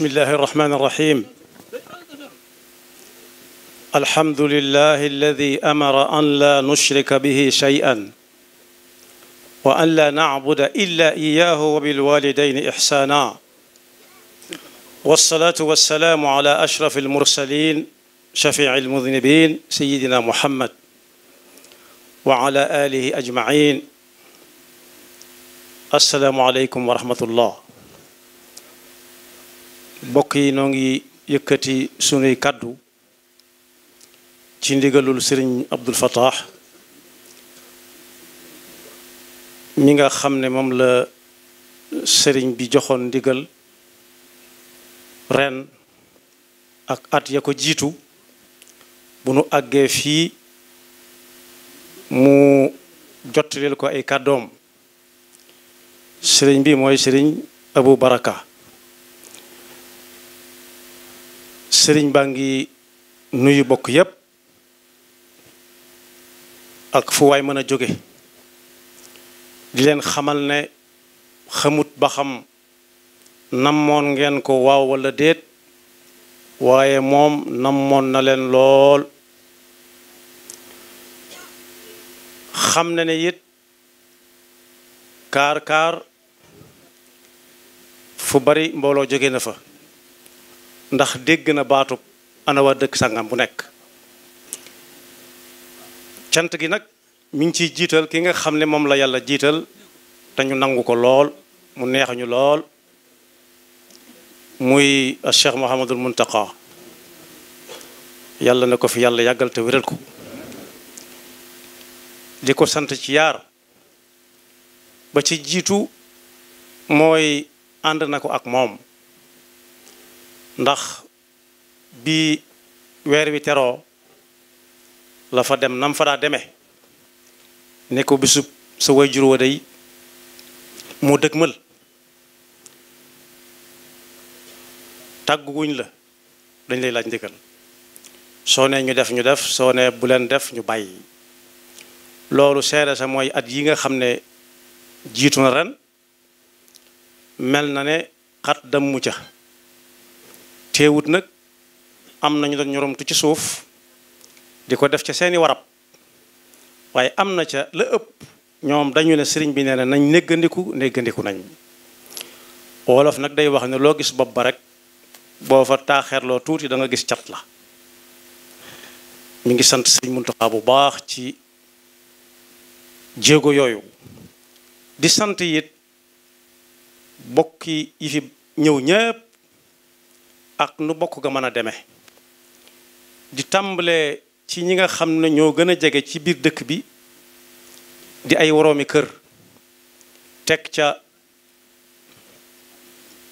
بسم الله الرحمن الرحيم الحمد لله الذي أمر أن لا نشرك به شيئا وأن لا نعبد إلا إياه وبالوالدين إحسانا والصلاة والسلام على أشرف المرسلين شفيع المذنبين سيدنا محمد وعلى آله أجمعين السلام عليكم ورحمة الله bokk yi noo ngi yëkkati sunuy kàddu ci ndigalul sëriñ Abdul Fattah mi nga xam ne moom la sëriñ bi joxoon ndigal ren ak at ya ko jiitu bu nu àggee fii mu jottaleel ko ay kàddoom sëriñ bi mooy sëriñ Abu Baraka sëriñ baa ngi nuyu bokk yépp ak fu waay mën a jóge di leen xamal ne xamut ba xam namoon ngeen ko waaw walla déet waaye moom namoon na leen lool xam na ne it kaar kaar fu bari mbooloo jóge na fa ndax dégg na baatu ana dëkk sangam bu nekk cant gi nag mi ngi ciy jiital ki nga xam ne moom la yàlla jiital dañu nangu ko lool mu neex lool muy Cheikh Mouhamadul Muntaqa yàlla na ko fi yàlla yàggalte te wéral ko di ko sant ci yaar ba ci jiitu mooy ànd na ko ak moom ndax bii weer wi teroo la fa dem nam fa daa demee ne ko bisub sa wayjur wa day moo dëgmal tàgguwuñ la dañ lay laaj ndigal soo nee ñu def ñu def soo nee bu leen def ñu bàyyi loolu seere sa mooy at yi nga xam ne jiitu na ren mel na ne xat dem mu ca teewut nag am nañu doon ñoromtu ci suuf di ko def ca seeni warab waaye am na ca la ëpp ñoom dañu ne sëriñ bi nee na nañ néggandiku néggandiku nañ wolof nag day wax ne loo gis bopp ba rek boo fa taaxeerloo tuuti da nga gis cat la mu ngi sant sëriñ muntuka bu baax ci jéego yooyu di sant it bokki yi fi ñëw ñëpp ak nu bokk ga mën a demee di tàmbalee ci ñi nga xam ne ñoo gën a jege ci biir dëkk bi di ay woroomi kër teg ca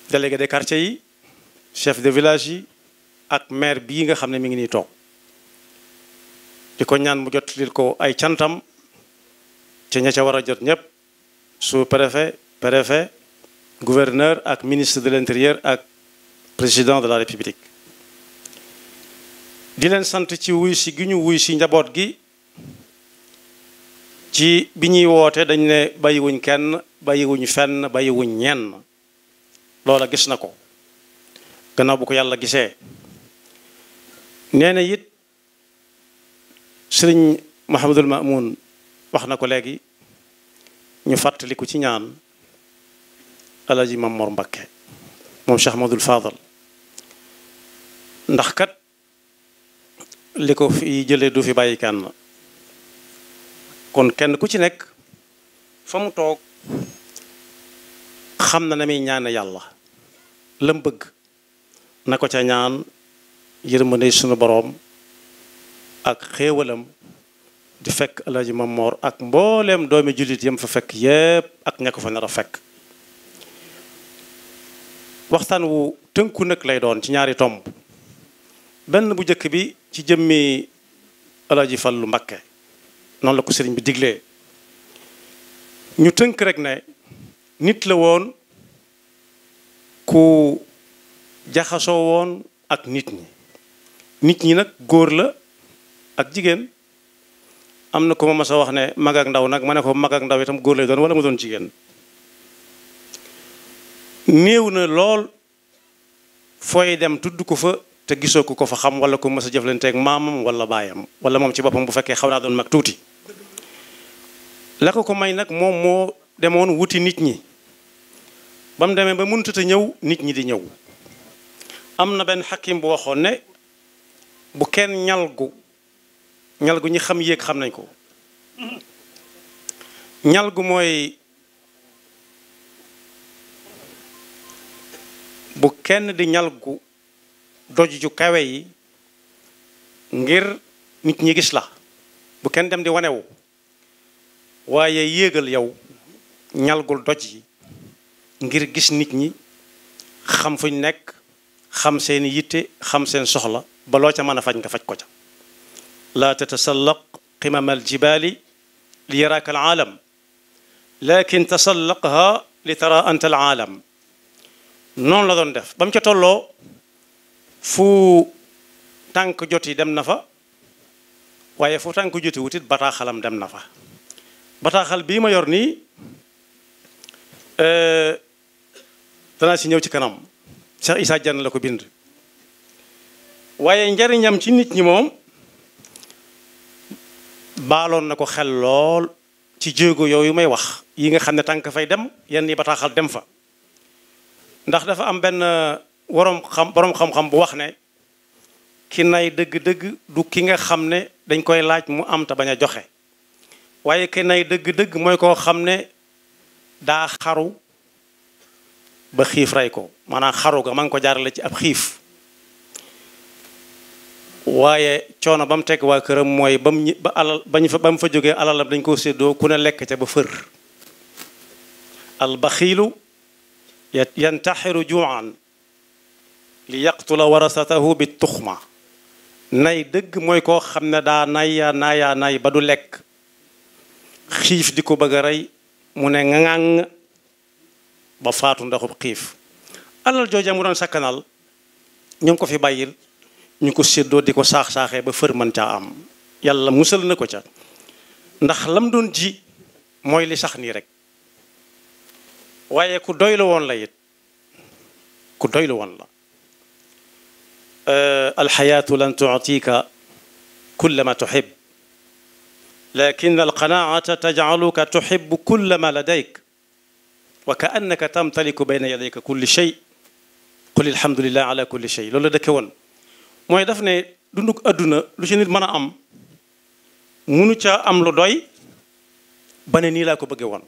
délégué de quartier yi chef de village yi ak maire bi nga xam ne mi ngi nii toog di ko ñaan mu jotlil ko ay cantam ci ña ca war a jot ñëpp su préfet préfet gouverneur ak ministre de l'intérieur ak président de la république di leen sant ci wuy si gi ñu wuy si njaboot gi ci bi ñuy woote dañ ne bàyyiwuñ kenn bàyyiwuñ fenn bàyyiwuñ ñenn loola gis na ko gannaaw bu ko yàlla gisee nee na it sëriñ Mahamadul Mamoun wax na ko léegi ñu fàttaliku ci ñaan alaji Mamor Mbakke moom Cheikh Mahmadul Fadal ndax kat li ko fi jëlee du fi bàyyi kenn kon kenn ku ci nekk fa mu toog xam na na muy ñaane yàlla lam bëgg na ko ca ñaan yërmande sunu boroom ak xéewalam di fekk Alaaji Mamoor ak mbooleem doomi jullit yam fa fekk yépp ak ña ko fa nar a fekk waxtaan wu tënku nag lay doon ci ñaari tomb benn bu njëkk bi ci jëmmi Alaaji Fallu Mbakke noonu la ko sëriñ bi digle ñu tënk rek na nit la woon ku jaxasoo woon ak nit ñi nit ñi nag góor la ak jigéen am na ko ma mas wax ne mag ndaw nag ma ne ko mag ak ndaw itam góor lay doon wala mu doon jigéen néew na lool fooy dem tudd ko fa te gisoo ko ko fa xam wala ko mës a jëflanteeg maamam walla baayam wala moom ci boppam bu fekkee xaw naa doon mag tuuti la ko ko may nag moom moo demoon wuti nit ñi ba demee ba mënutut ñëw nit ñi di ñëw am na benn xakim bu waxoon ne bu kenn ñalgu ñalgu ñi xam yéeg xam nañ ko ñalgu mooy bu kenn di ñalgu doj ju kawe yi ngir nit ñi gis la bu kenn dem di wanewu waaye yéegal yow ñalgul doj yi ngir gis nit ñi xam fuñ nekk xam seen yitte xam seen soxla ba loo ca mën a fañ nga faj ko ca laa tatasallaq qimam aljibaali li yaraaka alaalam lakin tasallaqha li tara anta alaalam noonu la doon def ba mu ca tolloo fu tànk joti dem na fa waaye fu tànk joti wutit bataaxalam dem na fa bataaxal bii ma yor nii eh, danaa si ñëw ci kanam Cheikh Issa Diagne la ko bind waaye njariñam ci nit ñi moom baaloon na ko xel lool ci jéego yooyu may wax yi nga xam ne tànk fay dem yenn yi bataaxal dem fa ndax dafa am benn waroom xam boroom xam bu wax ne ki nay dëgg-dëgg du ki nga xam ne dañ koy laaj mu am te bañ a joxe waaye ki nay dëgg-dëgg mooy koo xam ne daa xaru ba xiif rey ko maanaam xaru ga ma ngi ko jaarale ci ab xiif waaye coono ba mu teg waa këram mooy ba mu ba alal ba fa ba mu fa jógee alalam dañ koo séddoo ku ne lekk ca ba fër albaxiilu yantaxiru juuan li yaqtula warasatahu bi tuxma nay dëgg mooy koo xam ne daa naya naya nay ba du lekk xiif di ko bëgg a rey mu ne ŋaŋ ba faatu ndaxub xiif alal jooja mu doon sakkanal ñu ko fi bàyyil ñu ko séddoo di ko saax-saaxee ba fër mën caa am yàlla musal na ko ca ndax lam doon ji mooy li sax nii rekk waaye ku doylu woon la it ku doylu woon la alxayaatu lan tuctika kulla ma tuxib lakin alqanaata tajcaluka tuxibu kulla ma ladayk wa ka annaka tamtaliku bayna yadayka kulli shay qul alhamdulilah ala kulli shay loolu la dëkke woon mooy daf ne dunduk adduna lu ci nit mën a am munu ca am lu doy ba ne nii laa ko bëgge woon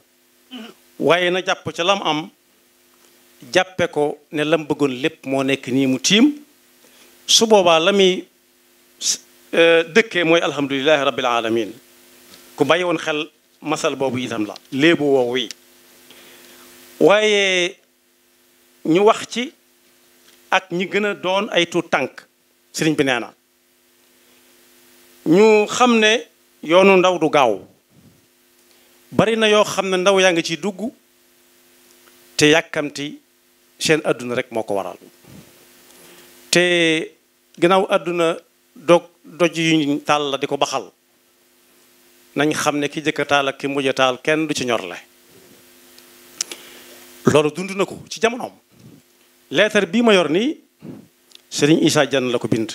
waaye na jàpp ca lam am jàppe ko ne lam bëggoon lépp moo nekk nii mu tiim su boobaa la muy eh, dëkkee mooy alhamdulilahi rabbil alamin ku bàyyi woon xel masal boobu itam la léebu woowu yi waaye ñu wax ci ak ñi gën a doon ay tuut tànk sëriñ bi ñu xam ne yoonu ndaw du gaaw bari na yoo xam ne ndaw yaa ngi ciy dugg te yàkkamti seen àdduna rek moo ko waral te gannaaw àdduna dog doj yuñ taal la di ko baxal nañ xam ne ki jëkka taal ak ki mujj taal kenn du ci ñorle loolu dund na ko ci jamonoom leetar bii ma yor nii Serigne Issa Diagne la ko bind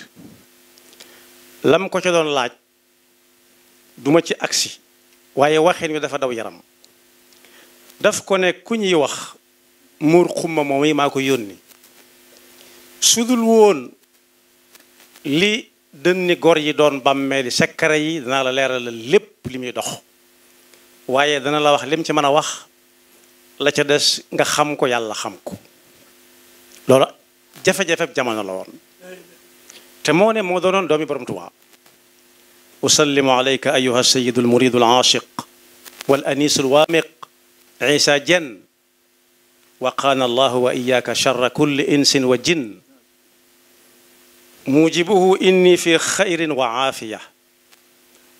lam ko ca doon laaj duma ci agsi waaye waxin wi dafa daw yaram daf ko ne ku ñuy wax muur xumma moom yi maa ko yónni sudul woon li dënni gor yi doon bàmmeeli sekkare yi danaa la leeralal lépp li muy dox waaye dana la wax lim ci mën a wax la ca des nga xam ko yàlla xam ko loolu jafe-jafe jamono la woon te moo ne moo doonoon doomi borom Tuubaa usallimu alayka ayuha sayidu almuridu alaashiq wal anisu alwaamiq isa jenn waqaana allahu wa iyaka charra kulli insin wa jinn mujibuhu inni fi xayrin wa aafiya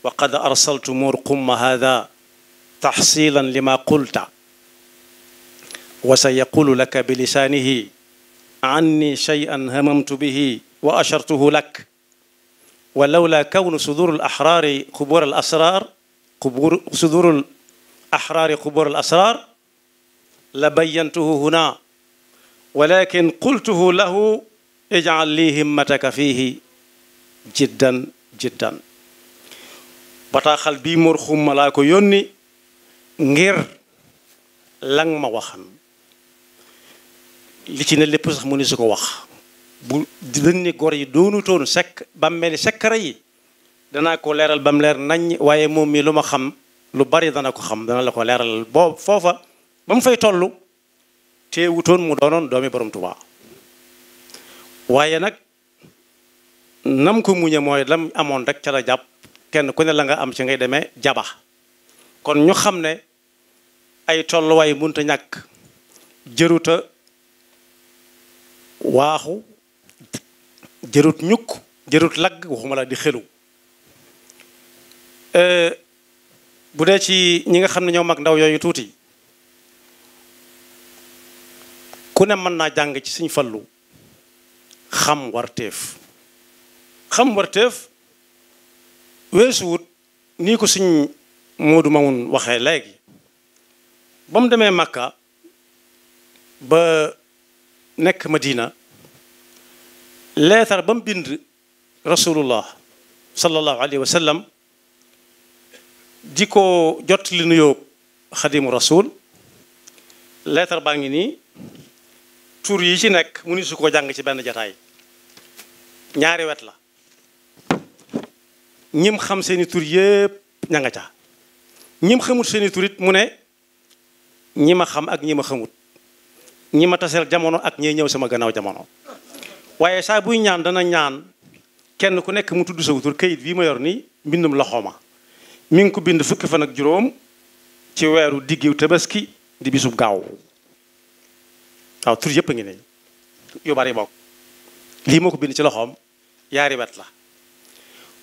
wa qad arsaltu murqumma hada taxsilan lima qulta wa sayaqulu laka bilisaanihi anni shay'an hamamtu bihi wa ashartuhu lak wa lawla kawnu suduru al-ahraari qubur al-asraar qubur suduru al-ahraari qubur al-asraar la bayyantuhu huna walakin qultuhu lahu ijal lii himmataka fiihi jiddan jiddan bataaxal bii mor laa ko yónni ngir lang ma waxan li ci ne lépp sax mu ni ko wax bu dañ ni yi doonu toon sekk bam sekkara yi danaa ko leeral bam leer nañ waaye moom mi lu ma xam lu bari dana ko xam dana la ko leeral boo foofa ba mu fay toll teewutoon mu doonoon doomi borom Tuubaa waaye nag nam ko muñe mooy lam amoon rek ca la jàpp kenn ku ne la nga am ci ngay demee jaba kon ñu xam ne ay tolluwaay munta ñàkk jëruta waaxu jërut ñukk jërut lagg waxuma la di xelu euh, bu dee ci ñi nga xam ne ñoo mag ndaw yooyu tuuti ku ne mën naa jàng ci Sëñ Fallu xam warteef xam warteef weesuwut ni ko suñ Moodu Mamun waxee léegi ba mu demee Makka ba nekk Madina leetar ba mu bind rasulullah sallallahu alayhi wa di ko jot li nuyoo xadimu rasul leetar baa ngi nii tur yi ci nekk mu ni su ko jàng ci benn jataay ñaari wet la ñim xam seeni tur yëpp ña nga ca ñim xamut seeni tur mu ne ñi ma xam ak ñi ma xamut ñi ma taseel jamono ak ñee ñëw sama gannaaw jamono waaye saa buy ñaan dana ñaan kenn ku nekk mu tudd sa tur kayit bii ma yor ni mbindum loxooma mi ngi ko bind fukki fan ak juróom ci weeru diggiw tabaski di bisub gaaw waaw tur yëpp a ngi nii yu bari bokk lii moo ko bind ci loxoom yaari wet la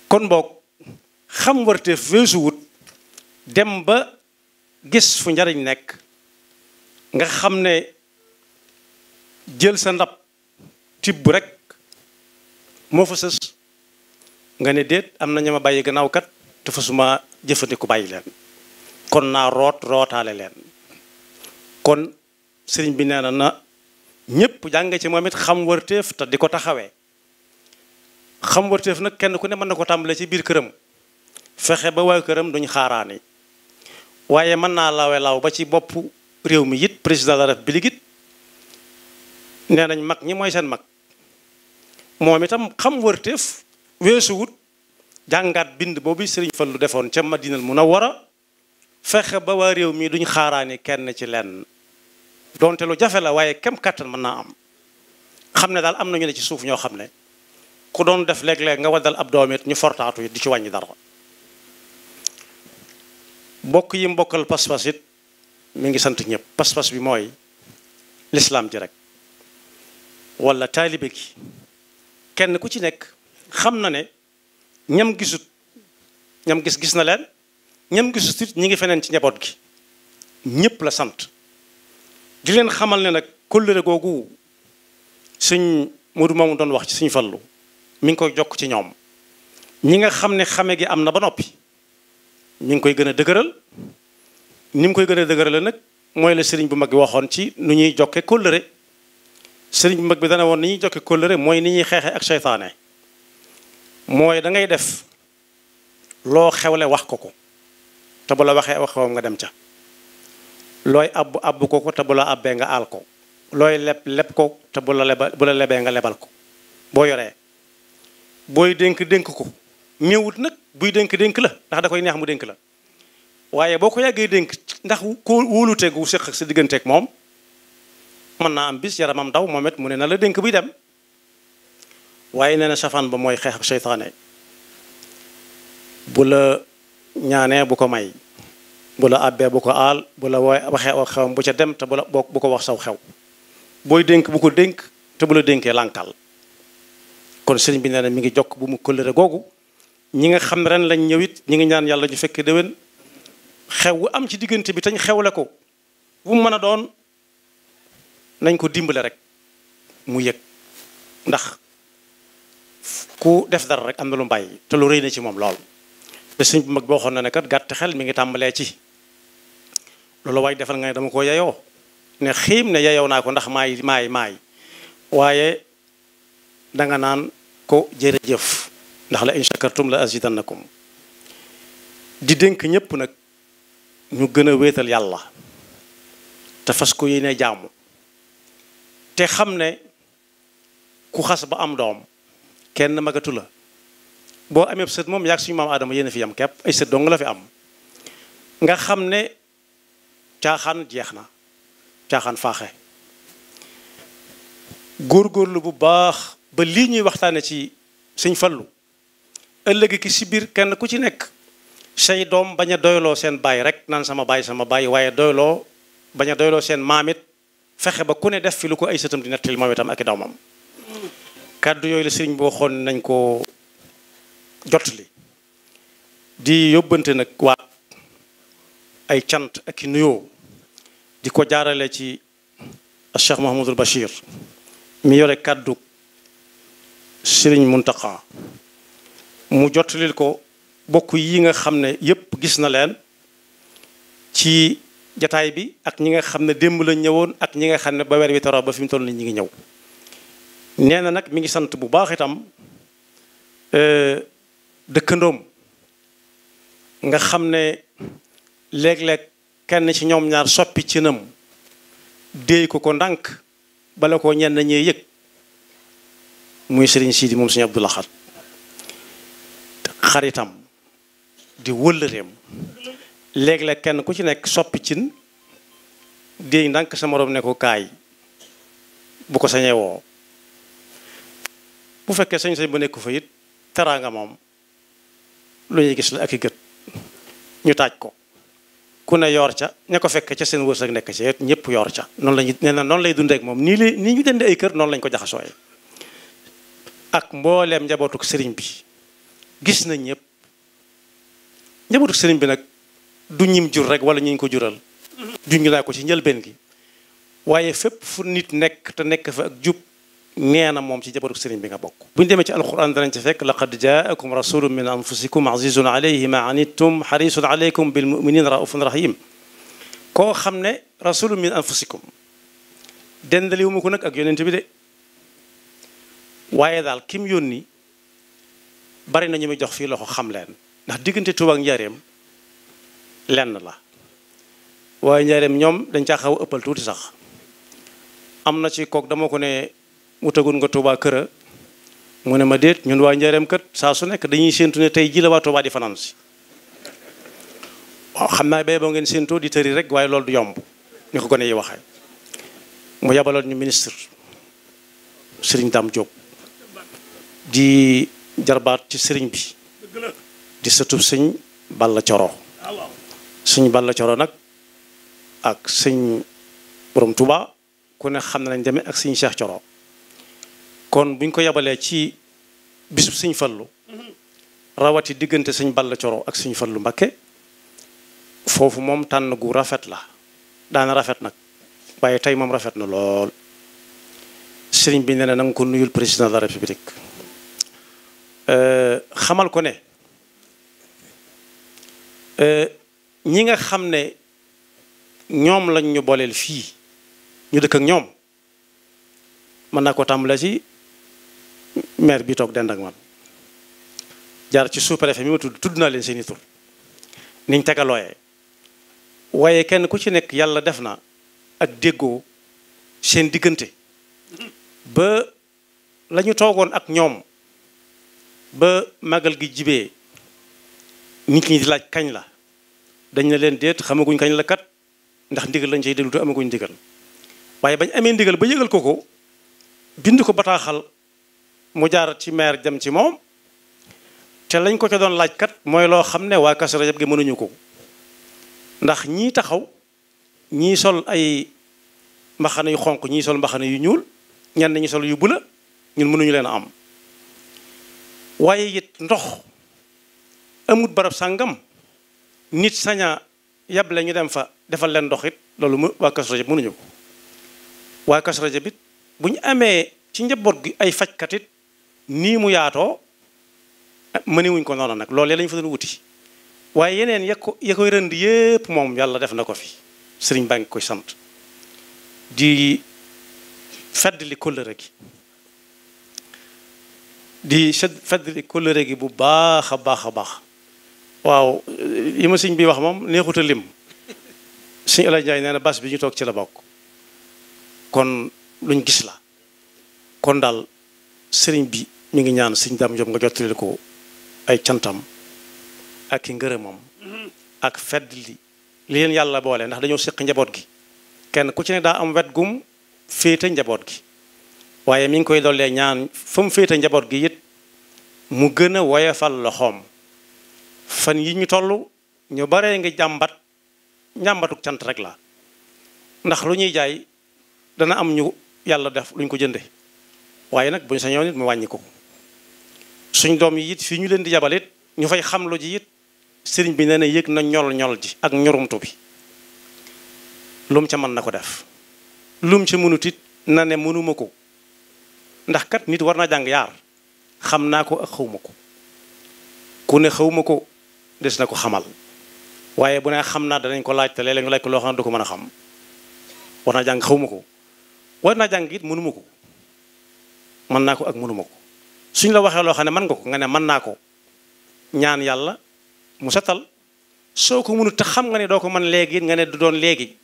kon boog xam warteef weesu wut dem ba gis fu njariñ nekk nga xam ne jël sa ndab tibb rekk moo fa sës nga ne déet am na ñu ma bàyyi gannaaw kat te fa suma jëfandiku bàyyi leen kon naa root rootaale leen kon sëriñ bi nee na ñëpp jàng ci moom it xam warteef te di ko taxawee xam warteef nag kenn ku ne mën na ko tàmbale ci biir këram fexe ba waa këram duñ xaaraani waaye mën naa lawe law ba ci bopp réew mi it président de la république it nee nañ mag ñi mooy seen mag moom itam xam warteef weesuwut jàngaat bind boobu sëriñ Fallu defoon ca Madinal Munawwara fexe ba waa réew mii duñ xaaraani kenn ci lenn donte lu jafe la waaye kem kàttan mën naa am xam ne daal am nañu ne ci suuf ñoo xam ne ku doon def léeg nga waddal ab doom ñu fortaatu it di ci wàññi dara bokk yi mbokkal pas-pas it mu ngi sant ñëpp pas-pas bi mooy lislaam ji rek wala taalibe ki kenn ku ci nekk xam na ne ñam gisut ñam gis gis na leen ñam gisut it ñi ngi feneen ci njaboot gi ñëpp la sant di leen xamal ne nag kóllëre googu suñ Modou moomu doon wax ci suñ fallu mi ngi koy jokk ci ñoom ñi nga xam ne xame gi am na ba noppi mi ngi koy gën a dëgëral ni mu koy gën a dëgërale nag mooy la sëriñ bu mag bi waxoon ci nu ñuy jokke kóllëre sëriñ bu mag bi dana woon ni ñuy jokke kóllëre mooy ni ñuy xeexee ak seytaane mooy dangay def loo xewle wax ko ko te bu la waxee wax ko nga dem ca looy abbu abbu ko ko te bu la abbee nga aal ko looy leb leb ko te bu la leba bu la lebee nga lebal ko boo yoree booy dënk dénk ko méewut nag buy dënk dénk la ndax da koy neex mu dénk la waaye boo ko yàggee dénk ndax ko wóolute gu séq ak sa digganteeg moom mën naa am bis yaramam daw moom mu ne na la dénk buy dem waaye nee na safaan ba mooy xeex ak seytaane bu la ñaanee bu ko may bu la àbbee bu ko aal bu la waxee aw xewam bu ca dem te bu la bu ko wax saw xew booy dénk bu ko dénk te bu la dénkee lànkal kon sëriñ bi nee na mi ngi jokk bu mu kóllëre googu ñi nga xam ren lañ ñëwit ñi ngi ñaan yàlla ñu fekk déwén xew wu am ci diggante bi tañ xewle ko bu mu mën a doon nañ ko dimbale rek mu yëg ndax ku def dara rek am na lu mbàyyi te lu rëy na ci moom lool te sëñ bu mag boo waxoon na ne kat gàtt xel mi ngi tàmbalee ci loolu waay defal nga ne dama ko yayoo ne xiim ne yayoo naa ko ndax maay maay maay waaye danga naan ko jërëjëf ndax la in shakartum la azidannakum di dénk ñépp nag ñu gën a wéetal yàlla te fas ko yéene jaamu te xam ne ku xas ba am doom kenn magatu la boo amee sët moom yaag suñu maam aadama yéen fi yam kepp ay sët dong la fi am nga xam ne caaxaan jeex na caaxaan faaxe góorlu bu baax ba lii ñuy waxtaane ci sëñ fallu ëllëg ki si biir kenn ku ci nekk say doom bañ a doyloo seen baay rek naan sama baay sama baay waaye doyloo bañ a doyloo seen maamit fexe ba ku ne def fi lu ko ay sëtam dina nettali moom itam ak i doomam kàddu yooyu la sëriñ boo xool nañ ko jotali di yóbbante nag waa ay cant ak i nuyoo di ko jaarale ci Cheikh Mouhamadul Bachir mi yore kàddu Serigne Mountakha mu jottalil ko bokk yi nga xam ne yëpp gis na leen ci jataay bi ak ñi nga xam ne démb la ñëwoon ak ñi nga xam ne ba weer wi tara ba fi mu toll nii ñi ngi ñëw nee na nag mi ngi sant bu baax itam euh, dëkkandoom nga xam ne léeg-léeg kenn ci ñoom ñaar soppi ci déey ko ko ndànk bala ko ñenn ñee yëg muy sëriñ Sidi moom sëriñ Abdou Lahad xaritam di wëllëreem léeg-léeg kenn ku ci nekk soppi cin déey ndànk sa morom ne ko kaay bu ko sañee woo bu fekkee sañ sañ bu nekk fa it teraanga moom lu ñuy gis la ak i gët ñu taaj ko ku ne yoor ca ña ko fekkee ca seen wërsëg nekk ca ñëpp yor ca noonu lañu nee na noonu lay dundee moom nii li nii ñu dëndee ay kër noonu lañ ko jaxasooyee ak mbooleem njabootuk sëriñ bi gis na ñëpp njabootuk sëriñ bi nag du ñim jur rek wala ñu ko jural juñ naa ko ci njëlbeen gi waaye fépp fu nit nekk te nekk fa ak jub nee na moom ci jabaru sëriñ bi nga bokk bu ñu demee ci alquran danañ ci fekk laqad jaakum rasulun min anfusikum azizun alayhi ma anittum xarisun alaykum bil muminin raufun rahim koo xam ne rasulun min anfusikum dendaliwu ma ko nag ak yonent bi de waaye daal kim yónni bari na ñu muy jox fii loxo xam leen ndax diggante Tuuba ak Njaareem lenn la waaye Njaareem ñoom dañ caa xaw ëppal tuuti sax am na ci kook dama ko ne utagul nga Touba këra mu ne ma déet ñun waa Njaareem kat saa su nekk dañuy séentu ne tey ji la waa Touba di fanaan si waaw xam naa bay boo ngeen séentoo di tëri rek waaye loolu du yomb ni ko gone yi waxee mu yabaloon ñu ministre Serigne Dame Diop di jarbaat ci sëriñ bi di sëtub sëñ Balla Coro sëñ Balla Coro nag ak sëñ boroom Touba ku ne xam ne nañ demee ak sëñ Cheikh Coro kon buñ ko yabalee ci bisub sëñ fallu rawati diggante sëñ Balla Coro ak sëñ fallu Mbakke foofu moom tànn gu rafet la daana rafet nag waaye tey moom rafet na lool sëriñ bi ne na ko nuyul président de la république euh, xamal ko ne euh, ñi nga xam ne ñoom lañ ñu booleel fii ñu dëkk ak ñoom mën naa ko tàmbalee ci maire bi toog dend ak man jaar ci sous-préfet mi ma tudd tudd naa leen seeni tur niñ tegalooyee waaye kenn ku ci nekk yàlla def na ak déggoo seen diggante ba lañu toogoon ak ñoom ba màggal gi jibee nit ñi di laaj kañ la dañ na leen déet xamaguñ kañ la kat ndax ndigal lañ cay déglu amaguñ ndigal waaye bañ amee ndigal ba yëgal ko ko bind ko bataaxal mu jaar ci maire dem ci moom te lañ ko ca doon laaj kat mooy loo xam ne waa Kazu Rajab gi mënuñu ko ndax ñii taxaw ñii sol ay mbaxana yu xonq ñi sol mbaxana yu ñuul ñenn ñi sol yu bula ñun mënuñu leen am waaye it ndox amut barab sàngam nit saña yable ñu dem fa defal leen ndox it loolu mu waa Kazu Rajab mënuñu ko waa kas Rajab it bu ñu amee ci njaboot gi ay fajkatit nii mu yaatoo mënewuñ ko noonu nag loolu lañ fa doon wuti waaye yeneen ya ko ya koy rënd yépp moom yàlla def na ko fi sëriñ baa ngi koy sant di fedd li kóllëre di di fedd li kóllëre gi bu baax a baax a baax waaw yi ma sëñ bi wax moom neexut a lim sëñ El Hadj Ndiaye na bas bi ñu toog ci la bokk kon luñ gis la kon daal sëriñ bi mi ngi ñaan sëñ Dame Diop nga jottali ko ay cantam ak i ngërëmam ak fedd li li yàlla boole ndax dañoo séq njaboot gi kenn ku ci daa am wet gum féete njaboot gi waaye mi ngi koy dollee ñaan fa féete njaboot gi it mu gën a woyefal loxoom fan yi ñu toll ñu baree ngi jàmbat njàmbatuk cant rek la ndax lu ñuy jaay dana am ñu yàlla def luñ ko jënde waaye nag bu ñu sañoon it mu wàññi ko suñ doom yi yit fii ñu leen di yabal it ñu fay xamlu ji it sëriñ bi nee na yëg na ñol ñol ji ak ñorumtu bi lum ca mën na ko def lum ca mënut it na ne mënuma ko ndax kat nit war naa jàng yaar xam naa ko ak xawma ko ku ne xawma ko des na ko xamal waaye bu ne xam naa danañ ko laaj te léeg-léeg laaj ko loo xam ne du ko mën a xam war naa jàng xawma ko war naa jàng yit mënuma ko mën naa ko ak mënuma ko suñ la waxee loo xam ne man nga ko nga ne mën naa ko ñaan yàlla mu setal soo ko mënut te xam nga ne doo ko man léegi nga ne du doon léegi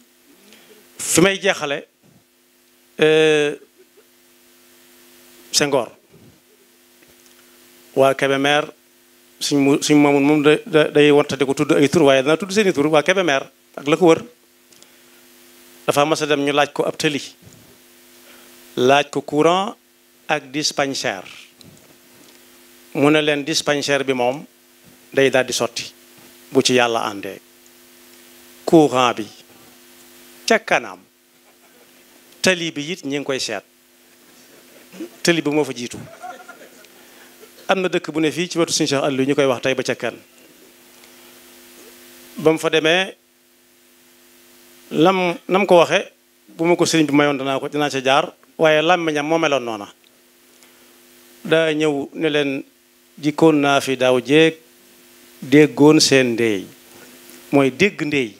fi may jeexale euh, Senghor waa Kébémer suñ mu suñ maamun moom da day wantati ko tudd ay tur waaye dana tudd seeni tur waa Kébémer ak la ko wër dafa mas a dem ñu laaj ko ab tëli laaj ko courant ak dispensaire mu ne leen dispensaire bi moom day daal di sotti bu ci yàlla àndee courant bi ca kanam tali bi it ñi ngi koy seet tali bi moo fa jiitu am na dëkk bu ne fii ci wetu suñu Cheikh Aliou ñu koy wax tey ba ca kan ba mu fa demee lam nam ko waxe bu ma ko sëriñ bi mayoon danaa ko dinaa ca jaar waaye làmmiñam moo meloon noona daa ñëw ne dikkoon naa fi daaw jeeg déggoon seen ndeey mooy dégg ndeey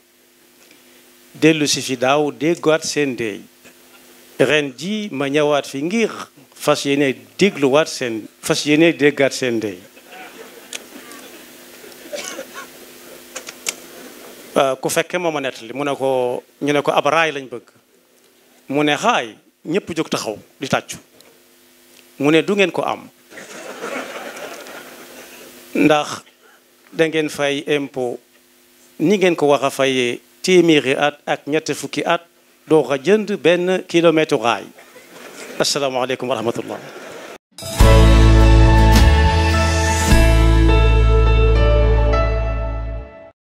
dellu si fi daaw déggaat seen ndeey ren ji ma ñëwaat fi ngir fas yéene dégluwaat seen fas yéene déggaat seen ndeey euh, ku fekke mooma nettali mu ne ko ñu ne ko ab raay lañ bëgg mu ne xaay ñëpp jóg taxaw di tàccu mu ne du ngeen ko am ndax da ngeen fay impo ni ngeen ko wax a fayee téeméeri at ak ñetti fukki at doo ko jënd benn kilomètre raay asalaamaaleykum wa rahmatullah